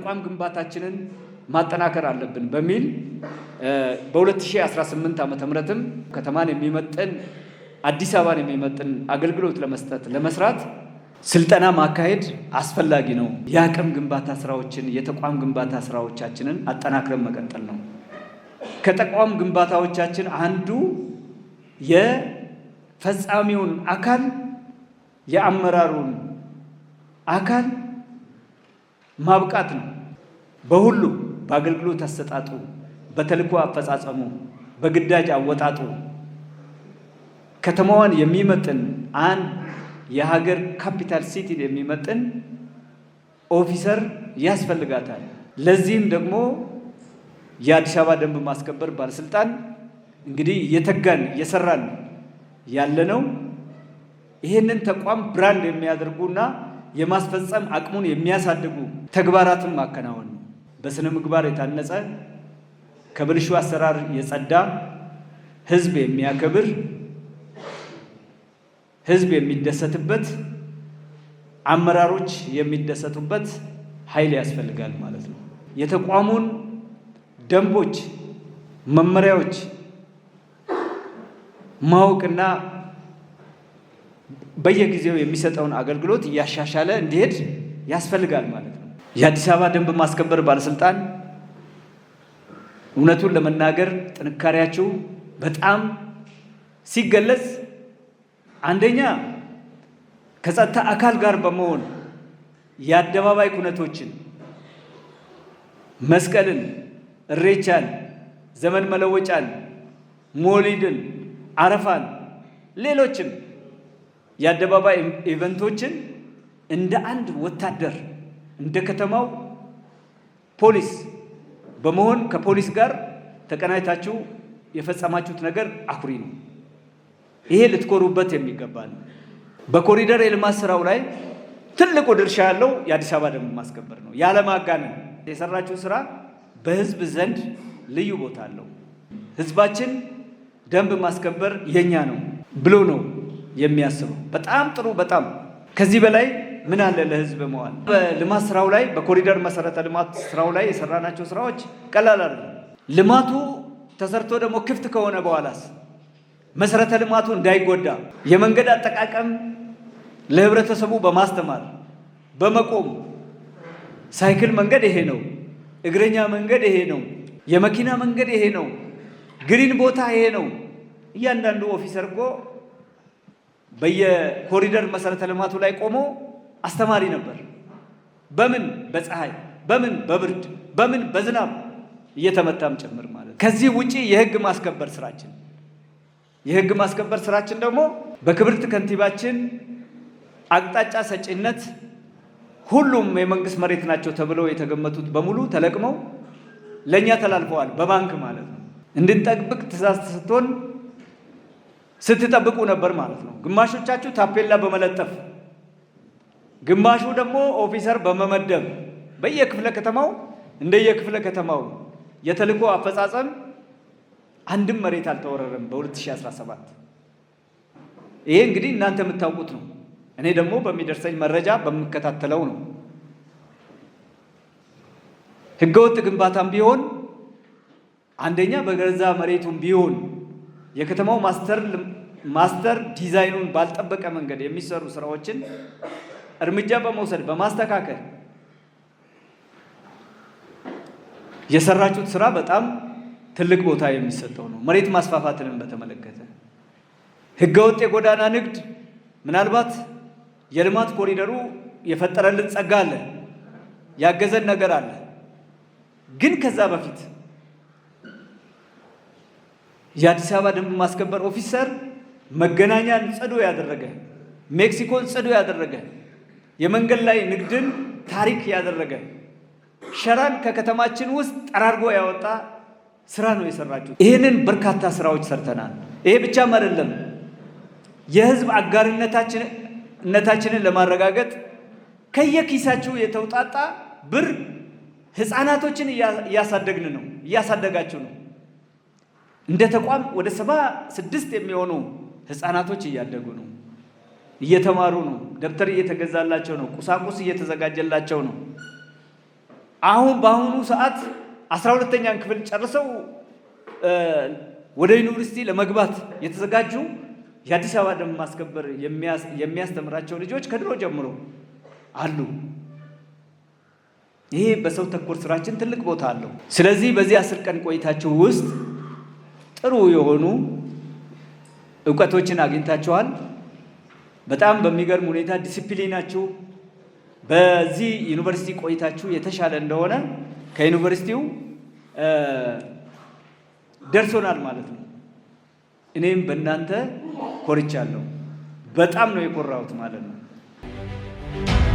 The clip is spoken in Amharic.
ተቋም ግንባታችንን ማጠናከር አለብን በሚል በ2018 ዓ ምህረትም ከተማን የሚመጥን አዲስ አበባን የሚመጥን አገልግሎት ለመስጠት ለመስራት ስልጠና ማካሄድ አስፈላጊ ነው። የአቅም ግንባታ ስራዎችን የተቋም ግንባታ ስራዎቻችንን አጠናክረን መቀጠል ነው። ከተቋም ግንባታዎቻችን አንዱ የፈጻሚውን አካል የአመራሩን አካል ማብቃት ነው። በሁሉ በአገልግሎት አሰጣጡ፣ በተልእኮ አፈጻጸሙ፣ በግዳጅ አወጣጡ ከተማዋን የሚመጥን አንድ የሀገር ካፒታል ሲቲን የሚመጥን ኦፊሰር ያስፈልጋታል። ለዚህም ደግሞ የአዲስ አበባ ደንብ ማስከበር ባለስልጣን እንግዲህ እየተጋን እየሰራን ያለ ነው። ይህንን ተቋም ብራንድ የሚያደርጉና የማስፈጸም አቅሙን የሚያሳድጉ ተግባራትን ማከናወን በስነ ምግባር የታነጸ ከብልሹ አሰራር የጸዳ ህዝብ የሚያከብር ህዝብ የሚደሰትበት አመራሮች የሚደሰቱበት ኃይል ያስፈልጋል ማለት ነው። የተቋሙን ደንቦች፣ መመሪያዎች ማወቅና በየጊዜው የሚሰጠውን አገልግሎት እያሻሻለ እንዲሄድ ያስፈልጋል ማለት ነው። የአዲስ አበባ ደንብ ማስከበር ባለስልጣን እውነቱን ለመናገር ጥንካሬያቸው በጣም ሲገለጽ አንደኛ ከጸጥታ አካል ጋር በመሆን የአደባባይ ኩነቶችን፣ መስቀልን፣ እሬቻን፣ ዘመን መለወጫን፣ ሞሊድን፣ አረፋን፣ ሌሎችም የአደባባይ ኢቨንቶችን እንደ አንድ ወታደር እንደ ከተማው ፖሊስ በመሆን ከፖሊስ ጋር ተቀናጅታችሁ የፈጸማችሁት ነገር አኩሪ ነው። ይሄ ልትኮሩበት የሚገባ ነው። በኮሪደር የልማት ስራው ላይ ትልቁ ድርሻ ያለው የአዲስ አበባ ደንብ ማስከበር ነው። ያለማጋነን የሰራችሁ ስራ በህዝብ ዘንድ ልዩ ቦታ አለው። ህዝባችን ደንብ ማስከበር የኛ ነው ብሎ ነው የሚያስበው። በጣም ጥሩ። በጣም ከዚህ በላይ ምን አለ ለህዝብ መዋል። በልማት ስራው ላይ በኮሪደር መሰረተ ልማት ስራው ላይ የሰራናቸው ስራዎች ቀላል አይደለም። ልማቱ ተሰርቶ ደግሞ ክፍት ከሆነ በኋላስ መሰረተ ልማቱ እንዳይጎዳ የመንገድ አጠቃቀም ለህብረተሰቡ በማስተማር በመቆም ሳይክል መንገድ ይሄ ነው፣ እግረኛ መንገድ ይሄ ነው፣ የመኪና መንገድ ይሄ ነው፣ ግሪን ቦታ ይሄ ነው። እያንዳንዱ ኦፊሰር እኮ በየኮሪደር መሰረተ ልማቱ ላይ ቆሞ አስተማሪ ነበር። በምን በፀሐይ በምን በብርድ በምን በዝናብ እየተመታም ጭምር ማለት። ከዚህ ውጪ የህግ ማስከበር ስራችን የህግ ማስከበር ስራችን ደግሞ በክብርት ከንቲባችን አቅጣጫ ሰጪነት ሁሉም የመንግስት መሬት ናቸው ተብለው የተገመቱት በሙሉ ተለቅመው ለእኛ ተላልፈዋል። በባንክ ማለት ነው። እንድንጠብቅ ትእዛዝ ተሰጥቶን ስትጠብቁ ነበር ማለት ነው። ግማሾቻችሁ ታፔላ በመለጠፍ ግማሹ ደግሞ ኦፊሰር በመመደብ በየክፍለ ከተማው እንደየክፍለ ከተማው የተልእኮ አፈጻጸም አንድም መሬት አልተወረረም በ2017 ይሄ እንግዲህ እናንተ የምታውቁት ነው። እኔ ደግሞ በሚደርሰኝ መረጃ በምከታተለው ነው። ህገወጥ ግንባታም ቢሆን አንደኛ በገዛ መሬቱም ቢሆን የከተማው ማስተር ማስተር ዲዛይኑን ባልጠበቀ መንገድ የሚሰሩ ስራዎችን እርምጃ በመውሰድ በማስተካከል የሰራችሁት ስራ በጣም ትልቅ ቦታ የሚሰጠው ነው። መሬት ማስፋፋትንም በተመለከተ ህገወጥ የጎዳና ንግድ ምናልባት የልማት ኮሪደሩ የፈጠረልን ጸጋ አለ፣ ያገዘን ነገር አለ። ግን ከዛ በፊት የአዲስ አበባ ደንብ ማስከበር ኦፊሰር መገናኛን ጽዱ ያደረገ ሜክሲኮን ጽዱ ያደረገ የመንገድ ላይ ንግድን ታሪክ ያደረገ ሸራን ከከተማችን ውስጥ ጠራርጎ ያወጣ ስራ ነው የሰራችሁ። ይህንን በርካታ ስራዎች ሰርተናል። ይሄ ብቻም አይደለም። የህዝብ አጋርነታችንን ለማረጋገጥ ከየኪሳችሁ የተውጣጣ ብር ህፃናቶችን እያሳደግን ነው እያሳደጋችሁ ነው። እንደ ተቋም ወደ ሰባ ስድስት የሚሆኑ ህፃናቶች እያደጉ ነው። እየተማሩ ነው። ደብተር እየተገዛላቸው ነው። ቁሳቁስ እየተዘጋጀላቸው ነው። አሁን በአሁኑ ሰዓት አስራ ሁለተኛን ክፍል ጨርሰው ወደ ዩኒቨርሲቲ ለመግባት የተዘጋጁ የአዲስ አበባ ደንብ ማስከበር የሚያስተምራቸው ልጆች ከድሮ ጀምሮ አሉ። ይሄ በሰው ተኮር ስራችን ትልቅ ቦታ አለው። ስለዚህ በዚህ አስር ቀን ቆይታችሁ ውስጥ ጥሩ የሆኑ እውቀቶችን አግኝታችኋል። በጣም በሚገርም ሁኔታ ዲሲፕሊናችሁ በዚህ ዩኒቨርሲቲ ቆይታችሁ የተሻለ እንደሆነ ከዩኒቨርሲቲው ደርሶናል ማለት ነው። እኔም በእናንተ ኮርቻለሁ። በጣም ነው የኮራሁት ማለት ነው።